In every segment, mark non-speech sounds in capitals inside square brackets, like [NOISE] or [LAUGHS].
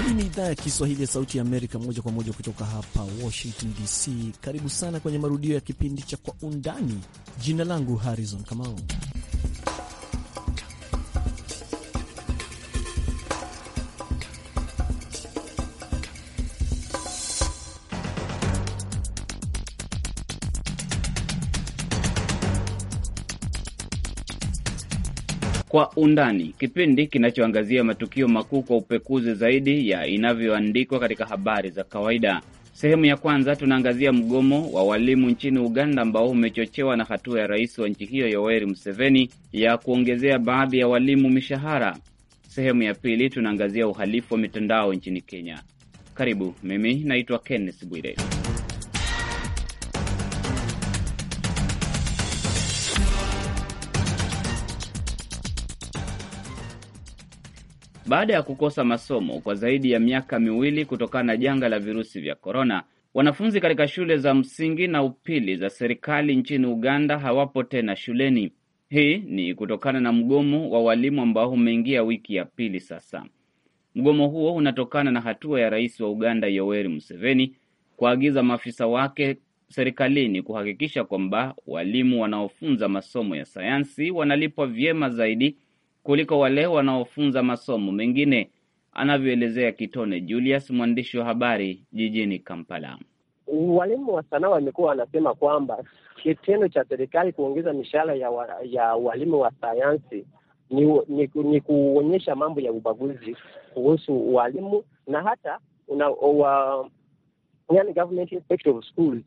Hii ni idhaa ya Kiswahili ya Sauti ya Amerika, moja kwa moja kutoka hapa Washington DC. Karibu sana kwenye marudio ya kipindi cha Kwa Undani. Jina langu Harrison Kamau. Kwa Undani, kipindi kinachoangazia matukio makuu kwa upekuzi zaidi ya inavyoandikwa katika habari za kawaida. Sehemu ya kwanza tunaangazia mgomo wa walimu nchini Uganda ambao umechochewa na hatua ya rais wa nchi hiyo Yoweri Museveni ya kuongezea baadhi ya walimu mishahara. Sehemu ya pili tunaangazia uhalifu wa mitandao nchini Kenya. Karibu, mimi naitwa Kenneth Bwire. Baada ya kukosa masomo kwa zaidi ya miaka miwili kutokana na janga la virusi vya korona, wanafunzi katika shule za msingi na upili za serikali nchini Uganda hawapo tena shuleni. Hii ni kutokana na mgomo wa walimu ambao umeingia wiki ya pili sasa. Mgomo huo unatokana na hatua ya rais wa Uganda Yoweri Museveni kuagiza maafisa wake serikalini kuhakikisha kwamba walimu wanaofunza masomo ya sayansi wanalipwa vyema zaidi kuliko wale wanaofunza masomo mengine, anavyoelezea Kitone Julius, mwandishi wa habari jijini Kampala. Walimu wa sanaa wamekuwa wanasema kwamba kitendo cha serikali kuongeza mishahara ya, wa, ya walimu wa sayansi ni, ni, ni kuonyesha mambo ya ubaguzi kuhusu walimu na hata una, wa, yani government inspector of schools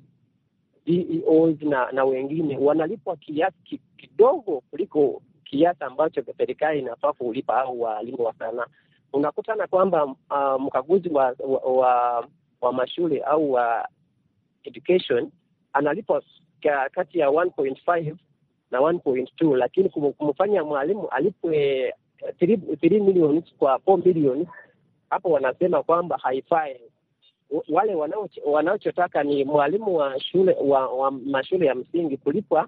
DEOs na, na wengine wanalipwa kiasi kidogo kuliko kiasi ambacho serikali inafaa kulipa au walimu wa sanaa. Unakutana kwamba uh, mkaguzi wa, wa, wa, wa mashule au wa education analipwa kati ya 1.5 na 1.2, lakini kumfanya mwalimu alipwe 3 eh, million kwa 4 million, hapo wanasema kwamba haifai. Wale wanaochotaka ni mwalimu wa shule wa, wa mashule ya msingi kulipwa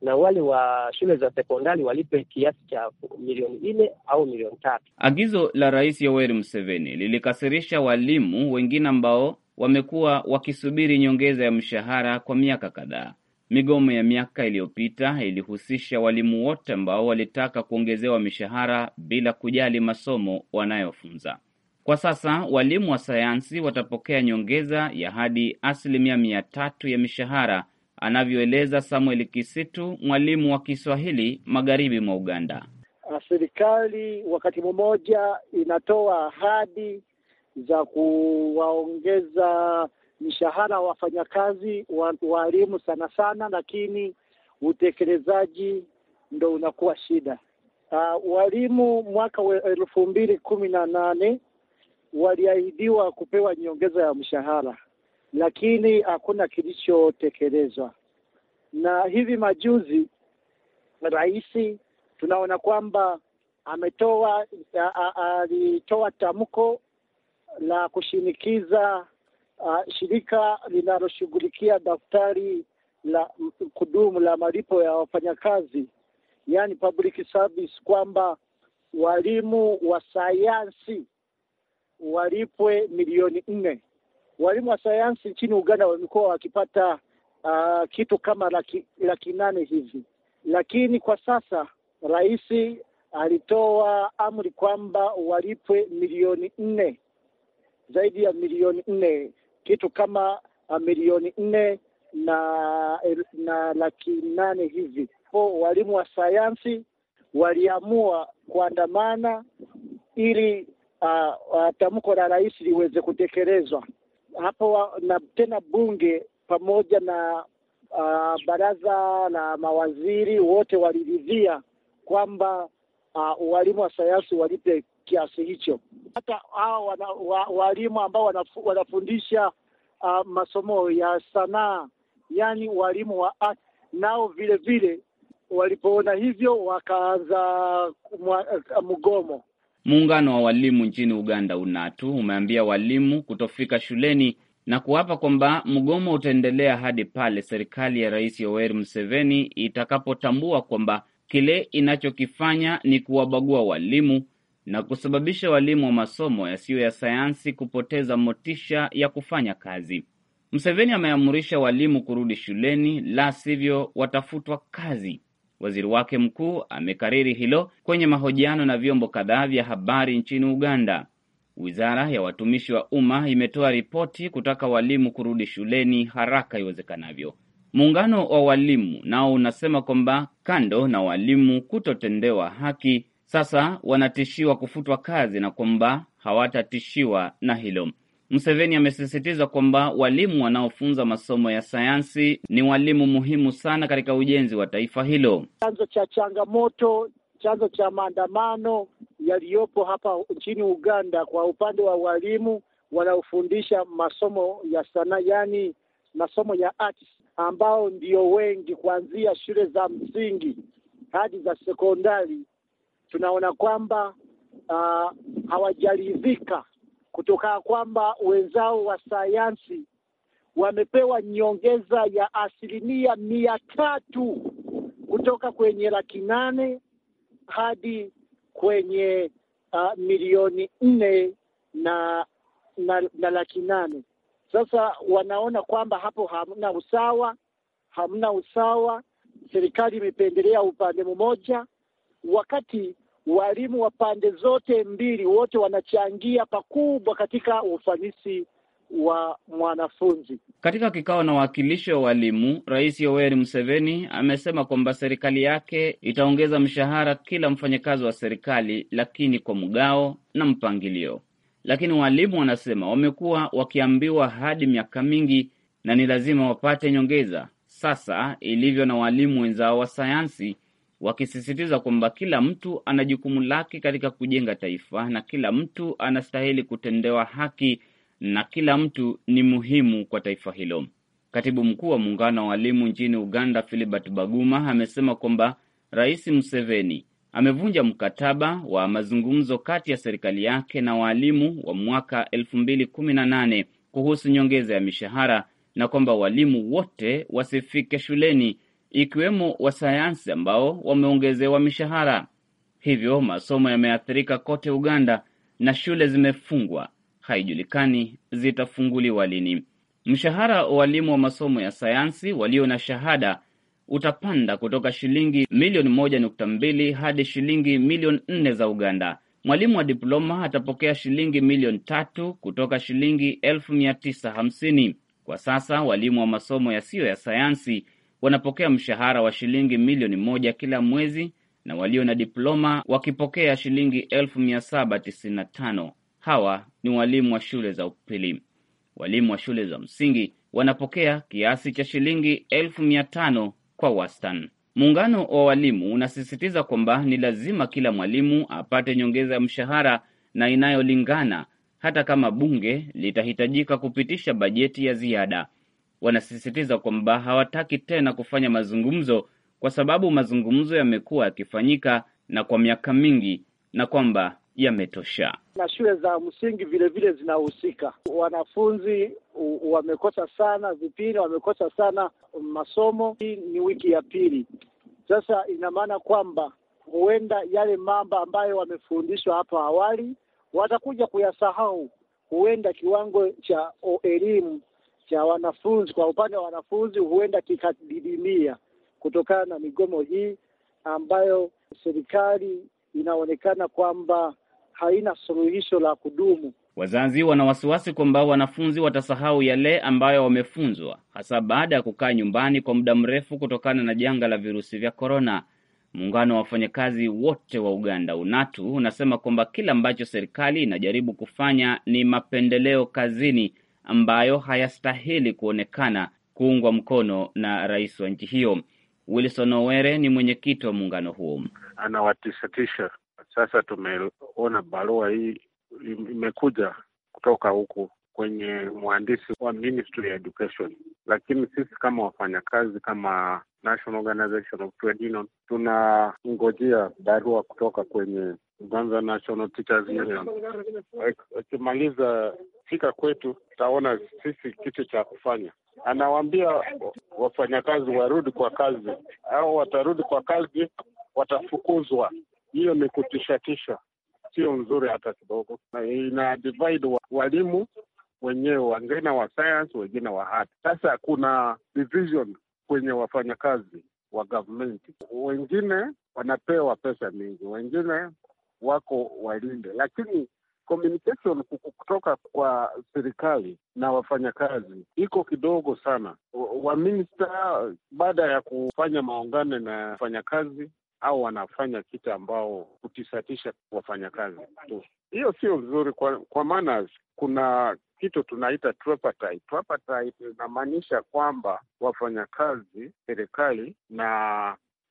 na wale wa shule za sekondari walipe kiasi cha milioni nne au milioni tatu. Agizo la Rais Yoweri Museveni lilikasirisha walimu wengine ambao wamekuwa wakisubiri nyongeza ya mshahara kwa miaka kadhaa. Migomo ya miaka iliyopita ilihusisha walimu wote ambao walitaka kuongezewa mishahara bila kujali masomo wanayofunza. Kwa sasa walimu wa sayansi watapokea nyongeza ya hadi asilimia mia tatu ya mishahara anavyoeleza Samuel Kisitu, mwalimu wa Kiswahili magharibi mwa Uganda. Ah, serikali wakati mmoja inatoa ahadi za kuwaongeza wa wafanyakazi waalimu sana sana, lakini utekelezaji ndo unakuwa shida. Uh, walimu mwaka wa elfu mbili kumi na nane waliahidiwa kupewa nyongeza ya mshahara lakini hakuna kilichotekelezwa. Na hivi majuzi rais tunaona kwamba ametoa alitoa tamko la kushinikiza a, shirika linaloshughulikia daftari la kudumu la malipo ya wafanyakazi yani public service kwamba walimu wa sayansi walipwe milioni nne Walimu wa sayansi nchini Uganda walikuwa wakipata uh, kitu kama laki, laki nane hivi, lakini kwa sasa rais alitoa amri kwamba walipwe milioni nne zaidi ya milioni nne kitu kama ah, milioni nne na na laki nane hivi. Po oh, walimu wa sayansi waliamua kuandamana ili uh, uh, tamko la rais liweze kutekelezwa hapo na tena bunge pamoja na uh, baraza la mawaziri wote waliridhia kwamba uh, ah, walimu wa sayansi walipe kiasi hicho. Hata hao walimu wa, walimu ambao wanafu, wanafundisha uh, masomo ya sanaa, yani walimu wa art, nao vile vile walipoona hivyo wakaanza mgomo. Muungano wa walimu nchini Uganda UNATU umeambia walimu kutofika shuleni na kuapa kwamba mgomo utaendelea hadi pale serikali ya Rais Yoweri Museveni itakapotambua kwamba kile inachokifanya ni kuwabagua walimu na kusababisha walimu wa masomo yasiyo ya sayansi kupoteza motisha ya kufanya kazi. Museveni ameamrisha walimu kurudi shuleni, la sivyo watafutwa kazi. Waziri wake mkuu amekariri hilo kwenye mahojiano na vyombo kadhaa vya habari nchini Uganda. Wizara ya watumishi wa umma imetoa ripoti kutaka walimu kurudi shuleni haraka iwezekanavyo. Muungano wa walimu nao unasema kwamba kando na walimu kutotendewa haki, sasa wanatishiwa kufutwa kazi na kwamba hawatatishiwa na hilo mseveni amesisitiza kwamba walimu wanaofunza masomo ya sayansi ni walimu muhimu sana katika ujenzi wa taifa hilo. Chanzo cha changamoto, chanzo cha maandamano yaliyopo hapa nchini Uganda kwa upande wa walimu wanaofundisha masomo ya sanaa, yaani masomo ya arts, ambao ndio wengi kuanzia shule za msingi hadi za sekondari, tunaona kwamba uh, hawajaridhika kutokana kwamba wenzao wa sayansi wamepewa nyongeza ya asilimia mia tatu kutoka kwenye laki nane hadi kwenye uh, milioni nne na, na, na laki nane. Sasa wanaona kwamba hapo hamna usawa, hamna usawa. Serikali imependelea upande mmoja, wakati walimu wa pande zote mbili wote wanachangia pakubwa katika ufanisi wa mwanafunzi. Katika kikao na wawakilishi wa walimu, Rais Yoweri Museveni amesema kwamba serikali yake itaongeza mshahara kila mfanyakazi wa serikali, lakini kwa mgao na mpangilio. Lakini walimu wanasema wamekuwa wakiambiwa hadi miaka mingi na ni lazima wapate nyongeza. Sasa ilivyo na walimu wenzao wa sayansi wakisisitiza kwamba kila mtu ana jukumu lake katika kujenga taifa na kila mtu anastahili kutendewa haki na kila mtu ni muhimu kwa taifa hilo. Katibu mkuu wa muungano wa walimu nchini Uganda, Filibert Baguma, amesema kwamba Rais Museveni amevunja mkataba wa mazungumzo kati ya serikali yake na waalimu wa mwaka elfu mbili kumi na nane kuhusu nyongeza ya mishahara na kwamba walimu wote wasifike shuleni ikiwemo wasayansi ambao wameongezewa mishahara. Hivyo masomo yameathirika kote Uganda na shule zimefungwa, haijulikani zitafunguliwa lini. Mshahara wa walimu wa masomo ya sayansi walio na shahada utapanda kutoka shilingi milioni moja nukta mbili hadi shilingi milioni nne za Uganda. Mwalimu wa diploma atapokea shilingi milioni tatu kutoka shilingi elfu mia tisa hamsini. Kwa sasa walimu wa masomo yasiyo ya sayansi wanapokea mshahara wa shilingi milioni moja kila mwezi na walio na diploma wakipokea shilingi elfu mia saba tisini na tano. Hawa ni walimu wa shule za upili. Walimu wa shule za msingi wanapokea kiasi cha shilingi elfu mia tano kwa wastani. Muungano wa walimu unasisitiza kwamba ni lazima kila mwalimu apate nyongeza ya mshahara na inayolingana, hata kama bunge litahitajika kupitisha bajeti ya ziada wanasisitiza kwamba hawataki tena kufanya mazungumzo kwa sababu mazungumzo yamekuwa yakifanyika na kwa miaka mingi na kwamba yametosha. Na shule za msingi vilevile zinahusika. Wanafunzi wamekosa sana vipindi, wamekosa sana masomo. Hii ni wiki ya pili sasa, ina maana kwamba huenda yale mambo ambayo wamefundishwa hapo awali watakuja kuyasahau. Huenda kiwango cha elimu cha wanafunzi kwa upande wa wanafunzi huenda kikadidimia kutokana na migomo hii ambayo serikali inaonekana kwamba haina suluhisho la kudumu. Wazazi wana wasiwasi kwamba wanafunzi watasahau yale ambayo wamefunzwa, hasa baada ya kukaa nyumbani kwa muda mrefu kutokana na janga la virusi vya korona. Muungano wa wafanyakazi wote wa Uganda, UNATU, unasema kwamba kila ambacho serikali inajaribu kufanya ni mapendeleo kazini ambayo hayastahili kuonekana kuungwa mkono na rais wa nchi hiyo. Wilson Owere ni mwenyekiti wa muungano huo. Anawatisatisha. Sasa tumeona barua hii imekuja kutoka huku kwenye mhandisi wa Ministry Education, lakini sisi kama wafanyakazi kama National Organization of Trade Union tunangojea barua kutoka kwenye Mwanza National Teachers Union. Akimaliza fika kwetu, taona sisi kitu cha kufanya. Anawaambia wafanyakazi warudi kwa kazi, au watarudi kwa kazi watafukuzwa. Hiyo ni kutishatisha, sio nzuri hata kidogo, na ina divide wa, walimu wenyewe, wengine wa science, wengine wa hati. Sasa kuna division kwenye wafanyakazi wa government, wengine wanapewa pesa mingi, wengine wako walinde, lakini communication kutoka kwa serikali na wafanyakazi iko kidogo sana. Waminista baada ya kufanya maungano na wafanyakazi au wanafanya kitu ambao kutisatisha wafanyakazi tu, hiyo sio vizuri, kwa, kwa maana kuna kitu tunaita tripartite. Tripartite inamaanisha kwamba wafanyakazi, serikali na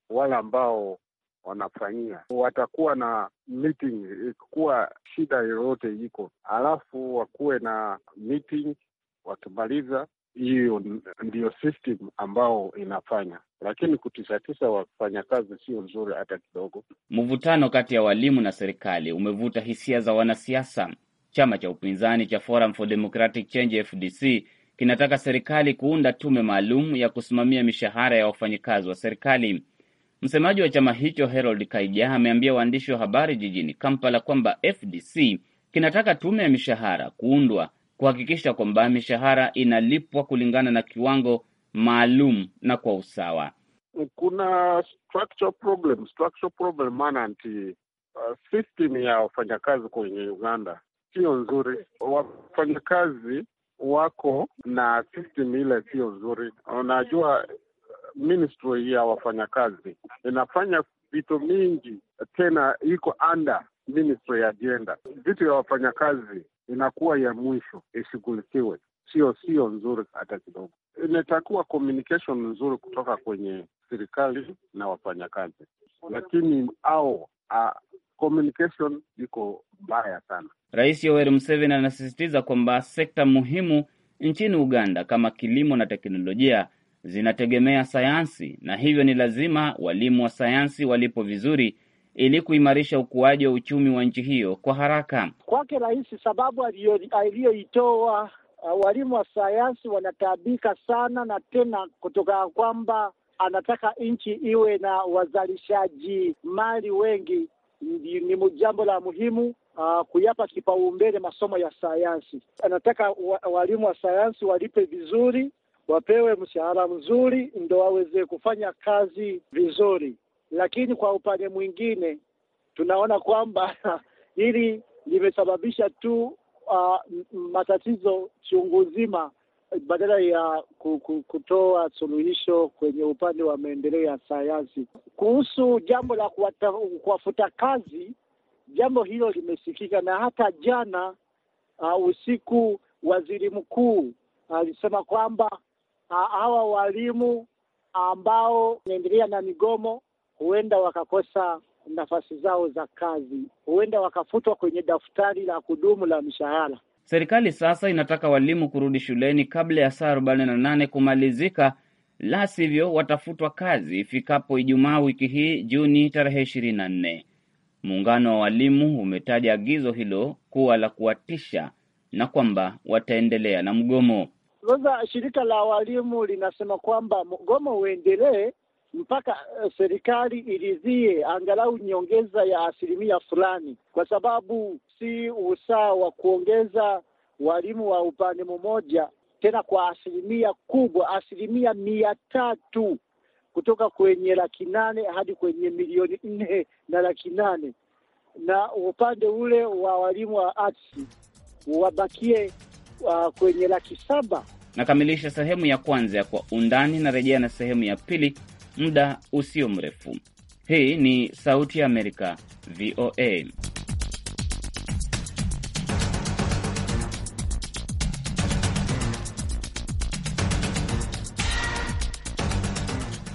wale ambao wanafanyia watakuwa na meeting ikikuwa shida yoyote iko, alafu wakuwe na meeting wakimaliza. Hiyo ndiyo system ambao inafanya, lakini kutisatisa wafanyakazi sio nzuri hata kidogo. Mvutano kati ya walimu na serikali umevuta hisia za wanasiasa. Chama cha upinzani cha Forum for Democratic Change FDC kinataka serikali kuunda tume maalum ya kusimamia mishahara ya wafanyakazi wa serikali. Msemaji wa chama hicho Harold Kaija ameambia waandishi wa habari jijini Kampala kwamba FDC kinataka tume ya mishahara kuundwa kuhakikisha kwamba mishahara inalipwa kulingana na kiwango maalum na kwa usawa. Kuna structural problem, structural problem maana nti uh, system ya wafanyakazi kwenye Uganda sio nzuri. Wafanyakazi wako na system ile sio nzuri, unajua ministry ya wafanyakazi inafanya vitu mingi, tena iko under ministry ya ajenda. Vitu ya wafanyakazi inakuwa ya mwisho ishughulikiwe, sio sio nzuri hata kidogo. Inatakiwa communication nzuri kutoka kwenye serikali na wafanyakazi, lakini au a, ah, communication iko mbaya sana. Rais Yoweri mseveni anasisitiza kwamba sekta muhimu nchini Uganda kama kilimo na teknolojia zinategemea sayansi na hivyo ni lazima walimu wa sayansi walipo vizuri ili kuimarisha ukuaji wa uchumi wa nchi hiyo kwa haraka. Kwake rahisi sababu aliyoitoa uh, walimu wa sayansi wanataabika sana, na tena kutoka kwamba anataka nchi iwe na wazalishaji mali wengi, ni jambo la muhimu uh, kuyapa kipaumbele masomo ya sayansi. Anataka wa, walimu wa sayansi walipe vizuri wapewe mshahara mzuri ndo waweze kufanya kazi vizuri. Lakini kwa upande mwingine tunaona kwamba [LAUGHS] hili limesababisha tu uh, matatizo chungu nzima badala ya kutoa suluhisho kwenye upande wa maendeleo ya sayansi. Kuhusu jambo la kuwafuta kazi, jambo hilo limesikika, na hata jana uh, usiku waziri mkuu alisema uh, kwamba hawa walimu ambao wanaendelea na migomo huenda wakakosa nafasi zao za kazi, huenda wakafutwa kwenye daftari la kudumu la mishahara. Serikali sasa inataka walimu kurudi shuleni kabla ya saa arobaini na nane kumalizika, la sivyo watafutwa kazi ifikapo Ijumaa wiki hii, Juni tarehe ishirini na nne. Muungano wa walimu umetaja agizo hilo kuwa la kuwatisha na kwamba wataendelea na mgomo. Sasa shirika la walimu linasema kwamba mgomo uendelee mpaka uh, serikali iridhie angalau nyongeza ya asilimia fulani, kwa sababu si usawa wa kuongeza walimu wa upande mmoja tena kwa asilimia kubwa, asilimia mia tatu kutoka kwenye laki nane hadi kwenye milioni nne na laki nane na upande ule wa walimu wa arts wabakie uh, kwenye laki saba. Nakamilisha sehemu ya kwanza ya Kwa Undani na rejea na sehemu ya pili muda usio mrefu. Hii ni Sauti ya Amerika, VOA.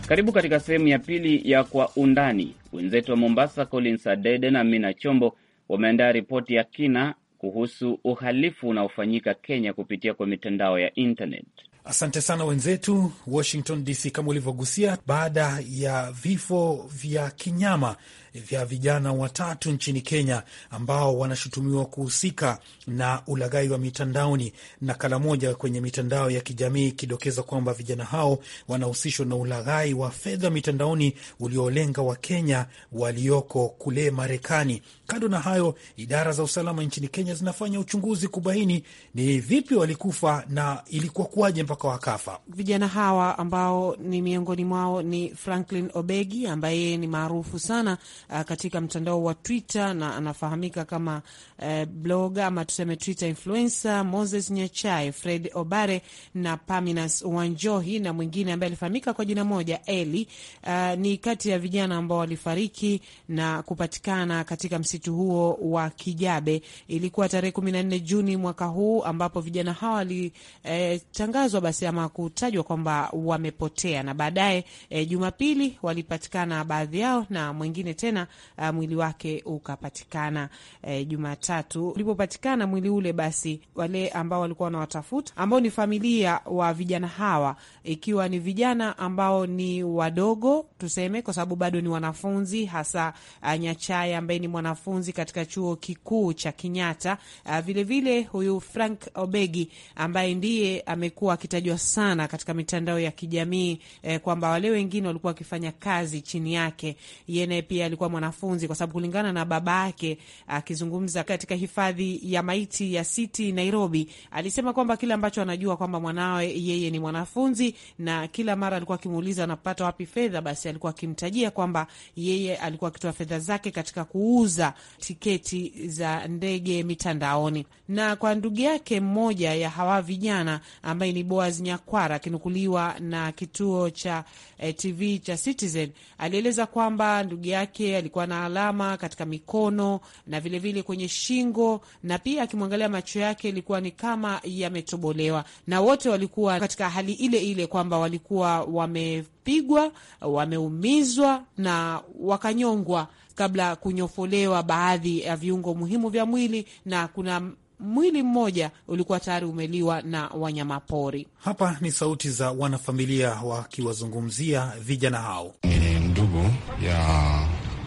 Karibu katika sehemu ya pili ya Kwa Undani. Wenzetu wa Mombasa, Collins Adede na Mina Chombo wameandaa ripoti ya kina kuhusu uhalifu unaofanyika Kenya kupitia kwa mitandao ya internet. Asante sana wenzetu Washington DC. Kama ulivyogusia, baada ya vifo vya kinyama vya vijana watatu nchini Kenya ambao wanashutumiwa kuhusika na ulaghai wa mitandaoni. Nakala moja kwenye mitandao ya kijamii ikidokeza kwamba vijana hao wanahusishwa na ulaghai wa fedha mitandaoni uliolenga Wakenya walioko kule Marekani. Kando na hayo, idara za usalama nchini Kenya zinafanya uchunguzi kubaini ni vipi walikufa na ilikuwa kuwaje mpaka wakafa. Vijana hawa ambao ni miongoni mwao ni Franklin Obegi ambaye ni maarufu sana uh, katika mtandao wa Twitter na anafahamika kama uh, eh, bloga ama tuseme Twitter influencer Moses Nyachai, Fred Obare na Paminas Wanjohi na mwingine ambaye alifahamika kwa jina moja Eli. Uh, ni kati ya vijana ambao walifariki na kupatikana katika msitu huo wa Kijabe. Ilikuwa tarehe kumi na nne Juni mwaka huu ambapo vijana hawa walitangazwa eh, basi ama kutajwa kwamba wamepotea na baadaye eh, Jumapili walipatikana baadhi yao na mwingine tena tena uh, mwili wake ukapatikana uh, Jumatatu. Ulipopatikana mwili ule, basi wale ambao walikuwa wanawatafuta ambao ni familia wa vijana hawa, ikiwa ni vijana ambao ni wadogo tuseme, kwa sababu bado ni wanafunzi, hasa uh, Nyachai ambaye ni mwanafunzi katika chuo kikuu cha Kenyatta. Uh, vilevile huyu Frank Obegi ambaye ndiye amekuwa akitajwa sana katika mitandao ya kijamii eh, kwamba wale wengine walikuwa wakifanya kazi chini yake, yeye naye pia alikuwa alikuwa mwanafunzi, kwa sababu kulingana na baba yake akizungumza katika hifadhi ya maiti ya City Nairobi, alisema kwamba kile ambacho anajua kwamba mwanawe yeye ni mwanafunzi, na kila mara alikuwa akimuuliza anapata wapi fedha, basi alikuwa akimtajia kwamba yeye alikuwa akitoa fedha zake katika kuuza tiketi za ndege mitandaoni. Na kwa ndugu yake mmoja ya hawa vijana ambaye ni Boaz Nyakwara, akinukuliwa na kituo cha eh, TV cha Citizen, alieleza kwamba ndugu yake alikuwa na alama katika mikono na vilevile vile kwenye shingo, na pia akimwangalia macho yake ilikuwa ni kama yametobolewa, na wote walikuwa katika hali ile ile kwamba walikuwa wamepigwa, wameumizwa na wakanyongwa kabla kunyofolewa baadhi ya viungo muhimu vya mwili na kuna mwili mmoja ulikuwa tayari umeliwa na pori. Hapa ni sauti za wanafamilia wakiwazungumzia vijana hao. Ni ndugu ya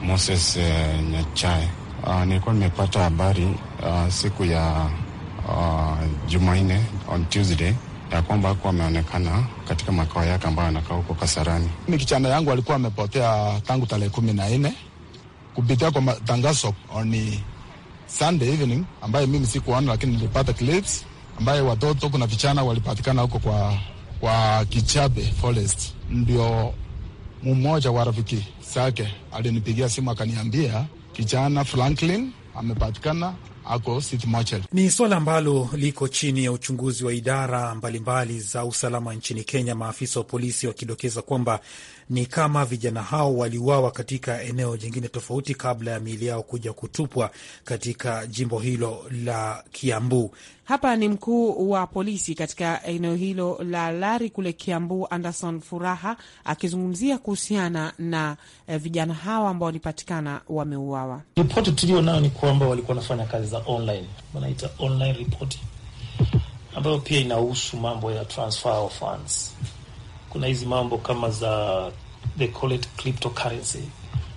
Moses uh, Nyachae. Uh, nilikuwa nimepata habari uh, siku ya uh, Jumanne on Tuesday ya kwamba alikuwa ameonekana katika makao yake ambayo anakaa huko Kasarani. Mimi kichana yangu alikuwa amepotea tangu tarehe kumi na nne kupitia kwa matangazo on Sunday evening ambaye mimi sikuona, lakini nilipata clips ambaye watoto kuna vichana walipatikana huko kwa, kwa Kichabe Forest ndio mmoja wa rafiki zake alinipigia simu akaniambia kijana Franklin amepatikana ako City Ni swala ambalo liko chini ya uchunguzi wa idara mbalimbali mbali za usalama nchini Kenya, maafisa wa polisi wakidokeza kwamba ni kama vijana hao waliuawa katika eneo jingine tofauti kabla ya miili yao kuja kutupwa katika jimbo hilo la Kiambu. Hapa ni mkuu wa polisi katika eneo hilo la Lari kule Kiambu, Anderson Furaha akizungumzia kuhusiana na eh, vijana hawa ambao walipatikana wameuawa. Ripoti tuliyo nayo ni kwamba walikuwa wanafanya kazi za online, wanaita online reporting, ambayo pia inahusu mambo ya transfer of funds. Kuna hizi mambo kama za the collect cryptocurrency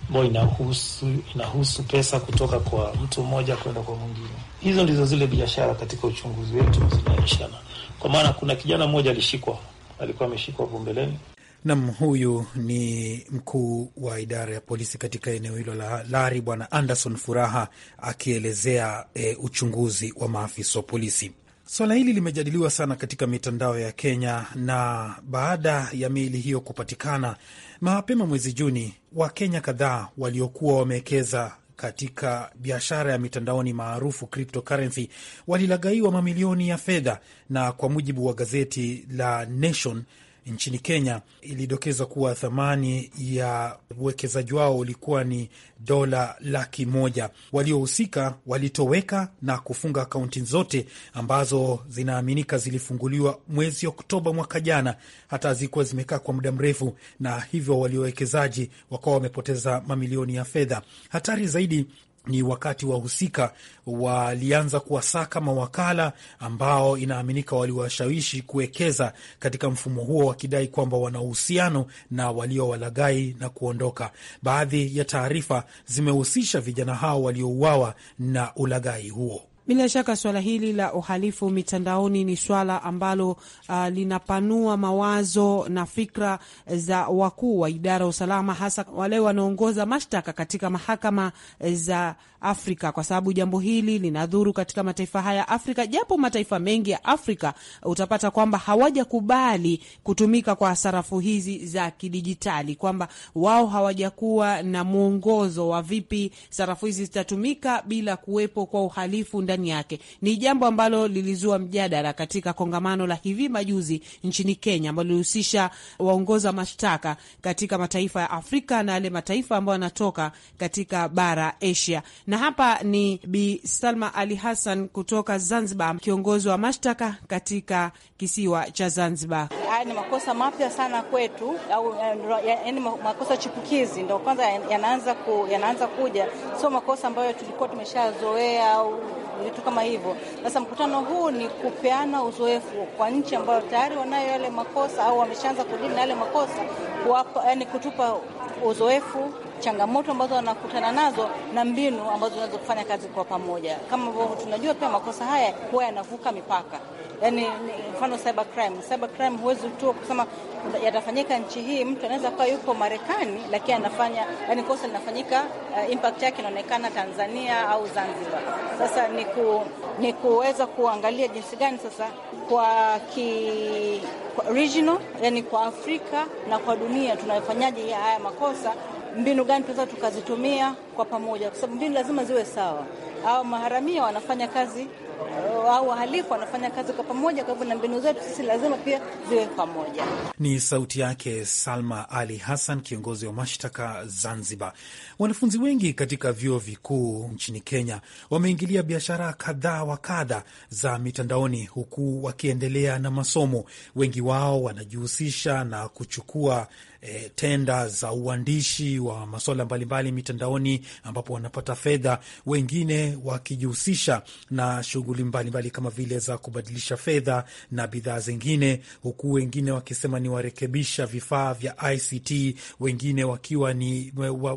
ambayo inahusu, inahusu pesa kutoka kwa mtu mmoja kwenda kwa mwingine. Hizo ndizo zile biashara katika uchunguzi wetu zinaishana, kwa maana kuna kijana mmoja alishikwa, alikuwa ameshikwa hapo mbeleni Nam, huyu ni mkuu wa idara ya polisi katika eneo hilo la Lari, Bwana Anderson Furaha akielezea e, uchunguzi wa maafisa wa polisi. Swala hili limejadiliwa sana katika mitandao ya Kenya, na baada ya miili hiyo kupatikana mapema mwezi Juni, Wakenya kadhaa waliokuwa wamewekeza katika biashara ya mitandaoni maarufu cryptocurrency walilagaiwa mamilioni ya fedha, na kwa mujibu wa gazeti la Nation nchini Kenya ilidokeza kuwa thamani ya uwekezaji wao ulikuwa ni dola laki moja. Waliohusika walitoweka na kufunga akaunti zote ambazo zinaaminika zilifunguliwa mwezi Oktoba mwaka jana, hata zilikuwa zimekaa kwa muda mrefu, na hivyo waliowekezaji wakawa wamepoteza mamilioni ya fedha. Hatari zaidi ni wakati wahusika walianza kuwasaka mawakala ambao inaaminika waliwashawishi kuwekeza katika mfumo huo, wakidai kwamba wana uhusiano na waliowalagai na kuondoka. Baadhi ya taarifa zimehusisha vijana hao waliouawa na ulagai huo. Bila shaka swala hili la uhalifu mitandaoni ni swala ambalo uh, linapanua mawazo na fikra za wakuu wa idara ya usalama, hasa wale wanaongoza mashtaka katika mahakama za Afrika, kwa sababu jambo hili linadhuru katika mataifa haya Afrika, japo mataifa mengi ya Afrika utapata kwamba hawajakubali kutumika kwa sarafu hizi za kidijitali, kwamba wao hawajakuwa na mwongozo wa vipi sarafu hizi zitatumika bila kuwepo kwa uhalifu ndani yake. Ni jambo ambalo lilizua mjadala katika kongamano la hivi majuzi nchini Kenya ambalo lilihusisha waongoza mashtaka katika mataifa ya Afrika na yale mataifa ambayo yanatoka katika bara Asia na hapa ni Bi Salma Ali Hassan kutoka Zanzibar, kiongozi wa mashtaka katika kisiwa cha Zanzibar. Haya ni makosa mapya sana kwetu, au eh, yaani makosa chipukizi ndo kwanza yanaanza ku, yanaanza kuja, sio makosa ambayo tulikuwa tumeshazoea au vitu kama hivyo. Sasa mkutano huu ni kupeana uzoefu kwa nchi ambayo tayari wanayo yale makosa au wameshaanza kudili na yale makosa, kuwapa, yani kutupa uzoefu changamoto ambazo wanakutana nazo na mbinu ambazo zinaweza kufanya kazi kwa pamoja. Kama ambavyo tunajua pia makosa haya huwa yanavuka mipaka, yaani mfano cyber crime. Cyber crime huwezi tu kusema yatafanyika nchi hii. Mtu anaweza kuwa yuko Marekani lakini anafanya yani, kosa linafanyika, uh, impact yake inaonekana Tanzania au Zanzibar. Sasa ni, ku, ni kuweza kuangalia jinsi gani sasa kwa ki, kwa regional, yani kwa Afrika na kwa dunia tunafanyaje haya makosa mbinu gani tunaweza tukazitumia kwa pamoja, kwa sababu mbinu lazima ziwe sawa. Au maharamia wanafanya kazi au wahalifu wanafanya kazi kwa pamoja. Kwa hivyo na mbinu zetu sisi lazima pia ziwe pamoja. Ni sauti yake Salma Ali Hassan, kiongozi wa mashtaka Zanzibar. Wanafunzi wengi katika vyuo vikuu nchini Kenya wameingilia biashara kadhaa wa kadha za mitandaoni, huku wakiendelea na masomo. Wengi wao wanajihusisha na kuchukua E, tenda za uandishi wa masuala mbalimbali mitandaoni ambapo wanapata fedha, wengine wakijihusisha na shughuli shughuli mbalimbali kama vile za kubadilisha fedha na bidhaa zingine, huku wengine wakisema ni warekebisha vifaa vya ICT, wengine wakiwa ni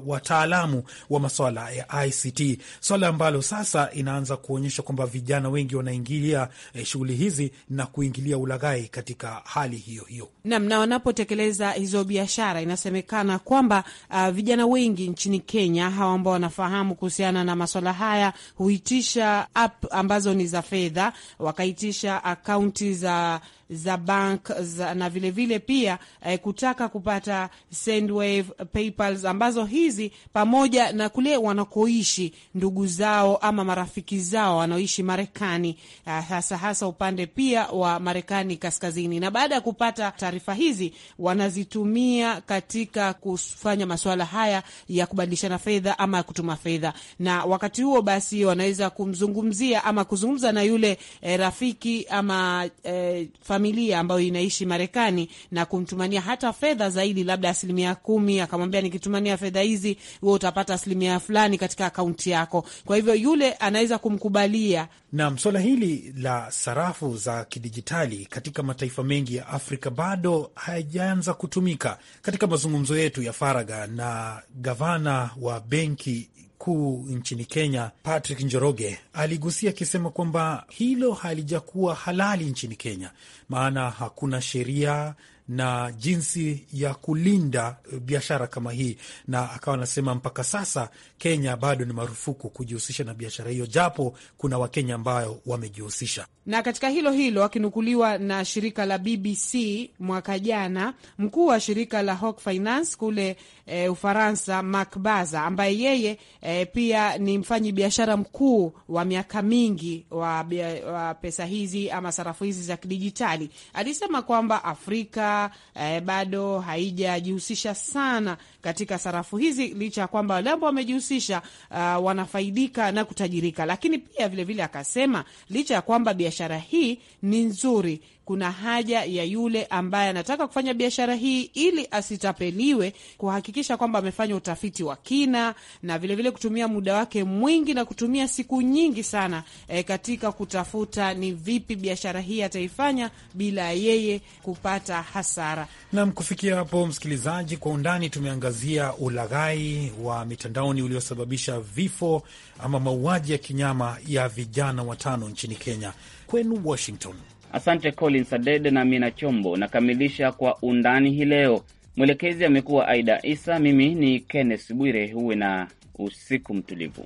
wataalamu wa maswala ya ICT, swala ambalo sasa inaanza kuonyesha kwamba vijana wengi wanaingilia eh, shughuli hizi na kuingilia ulaghai katika hali hiyo hiyo. nam, na wanapotekeleza hizo biashara inasemekana kwamba uh, vijana wengi nchini Kenya hawa ambao wanafahamu kuhusiana na maswala haya huitisha app ambazo ni za fedha, wakaitisha akaunti za za bank za, na vilevile vile pia eh, kutaka kupata Sendwave, PayPal ambazo hizi pamoja na kule wanakoishi ndugu zao ama marafiki zao wanaoishi Marekani eh, hasa hasa upande pia wa Marekani kaskazini. Na baada ya kupata taarifa hizi wanazitumia katika kufanya masuala haya ya kubadilishana fedha ama ya kutuma fedha, na wakati huo basi wanaweza kumzungumzia ama kuzungumza na yule eh, rafiki ama eh, familia familia ambayo inaishi Marekani na kumtumania hata fedha zaidi, labda asilimia kumi, akamwambia nikitumania fedha hizi wewe utapata asilimia fulani katika akaunti yako. Kwa hivyo yule anaweza kumkubalia. Naam, swala hili la sarafu za kidijitali katika mataifa mengi ya Afrika bado hayajaanza kutumika. Katika mazungumzo yetu ya faraga na gavana wa benki mkuu nchini Kenya Patrick Njoroge aligusia akisema kwamba hilo halijakuwa halali nchini Kenya, maana hakuna sheria na jinsi ya kulinda eh, biashara kama hii, na akawa anasema mpaka sasa Kenya bado ni marufuku kujihusisha na biashara hiyo, japo kuna Wakenya ambayo wamejihusisha. Na katika hilo hilo, akinukuliwa na shirika la BBC mwaka jana, mkuu wa shirika la Hawke Finance kule e, Ufaransa, Mark Baza ambaye yeye e, pia ni mfanyi biashara mkuu wa miaka mingi wa, wa pesa hizi ama sarafu hizi za kidijitali alisema kwamba Afrika eh, bado haijajihusisha sana katika sarafu hizi, licha ya kwamba wale ambao wamejihusisha uh, wanafaidika na kutajirika. Lakini pia vilevile vile akasema licha ya kwamba biashara hii ni nzuri kuna haja ya yule ambaye anataka kufanya biashara hii ili asitapeliwe, kuhakikisha kwamba amefanya utafiti wa kina na vilevile vile kutumia muda wake mwingi na kutumia siku nyingi sana e, katika kutafuta ni vipi biashara hii ataifanya bila yeye kupata hasara. Nam, kufikia hapo msikilizaji, kwa undani tumeangazia kuangazia ulaghai wa mitandaoni uliosababisha vifo ama mauaji ya kinyama ya vijana watano nchini Kenya. Kwenu Washington. Asante Collins Adede na Mina Chombo. Nakamilisha kwa undani hii leo. Mwelekezi amekuwa Aida Isa, mimi ni Kenneth Bwire. Huwe na usiku mtulivu.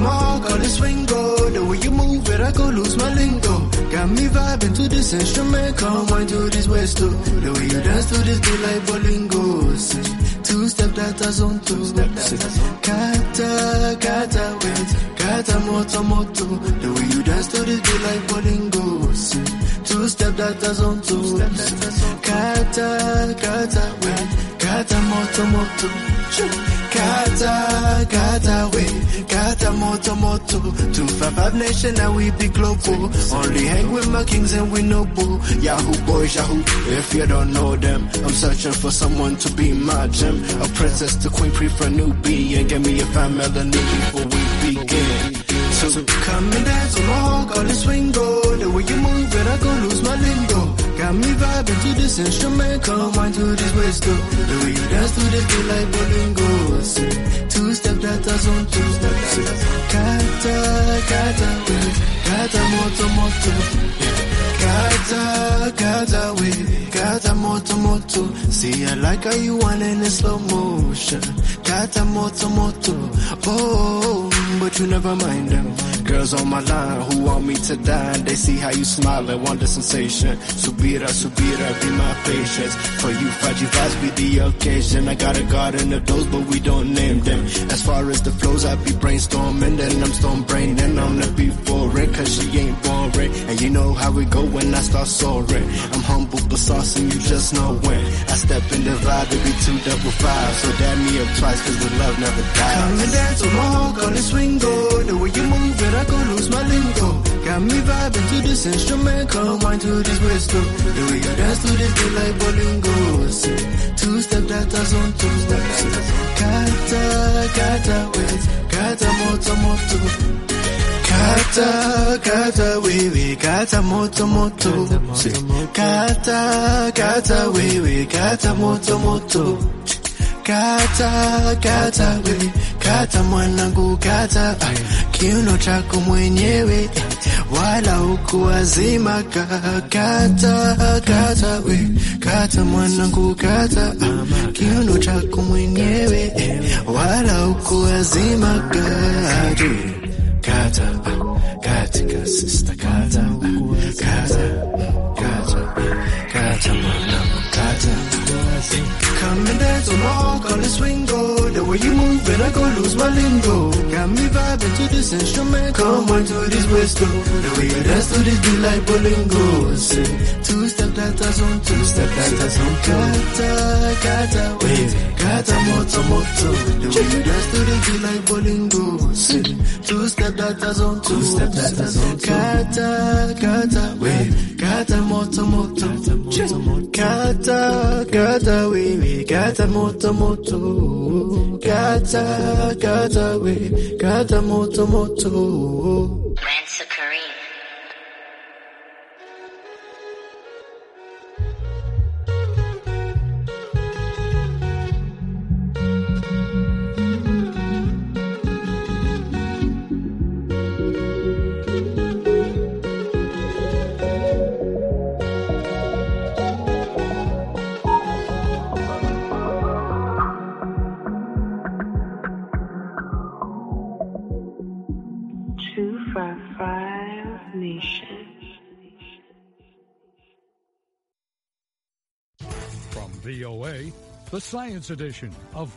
more, call it swingo. The way you move it, I go lose my lingo. Got me vibing to this instrument, come wine to this west too. The way you dance to this beat like bolingo. Two step that I zone to. Kata, kata, wait. Kata moto moto. The way you dance to this beat like bolingo. Two step that I zone to. Kata, kata, wait. Kata, moto moto, cada cada way, kata moto moto. To five five nation and we be global. Only hang with my kings and we noble. Yahoo boys, Yahoo. If you don't know them, I'm searching for someone to be my gem. A princess to queen, pre for newbie, and give me a fine melody before we begin. So come and dance along, all the swing go. The way you move it, I gonna lose my limbo got me vibing to this come Wine to this whistle. The way you dance to this beat like Bolingo. Two step that does on two step. Kata, kata, kata, moto, moto. Kata, kata, we kata, moto, moto. See, I like how you want in slow motion. Kata, moto, moto. Oh, but you never mind them. Girls on my line who want me to die. They see how you smile and want the sensation. Subira, subira, be my patience. For you, fragile vibes be the occasion. I got a garden of those, but we don't name them. As far as the flows, I be brainstorming, then I'm stone brain, then I'm the be it. cause she ain't boring. And you know how it go when I start soaring. I'm humble but saucy, you just know when. I step in the vibe, it be two double five. So dab me up twice, cause the love never dies. Come and dance with my whole, gonna swing, go. The way you move it I could lose my lingo. Got me vibing to this Come wine to this whistle. Then we got dance to this beat like Bolingo. See, two step that does on two step. See, kata, kata, wait, kata, moto, moto. Kata, kata, we, we, kata, moto, moto. kata, kata, we, we, kata, moto, moto. Kata, kata, we, kata mwanangu, kata kiuno chako mwenyewe, wala uku wazima. Kata, kata, we, kata mwanangu, kata kiuno chako mwenyewe, wala uku wazima. Kata, kata, katika sister, kata, kata, kata, kata mwanangu, kata Come and dance on my on the swing go. The way you move and I go lose my lingo. Got me vibing to this instrument. Come on to this whistle. The way you dance to this be like bolingo. Say, two step that I on, two step that I on. Kata, kata, wait, kata moto moto. The way you dance to this be like bolingo. two step that I on, two step that I on. Kata, kata, wait moto moto Kata kata wewe kata moto moto Kata kata wewe kata moto moto VOA, the Science Edition of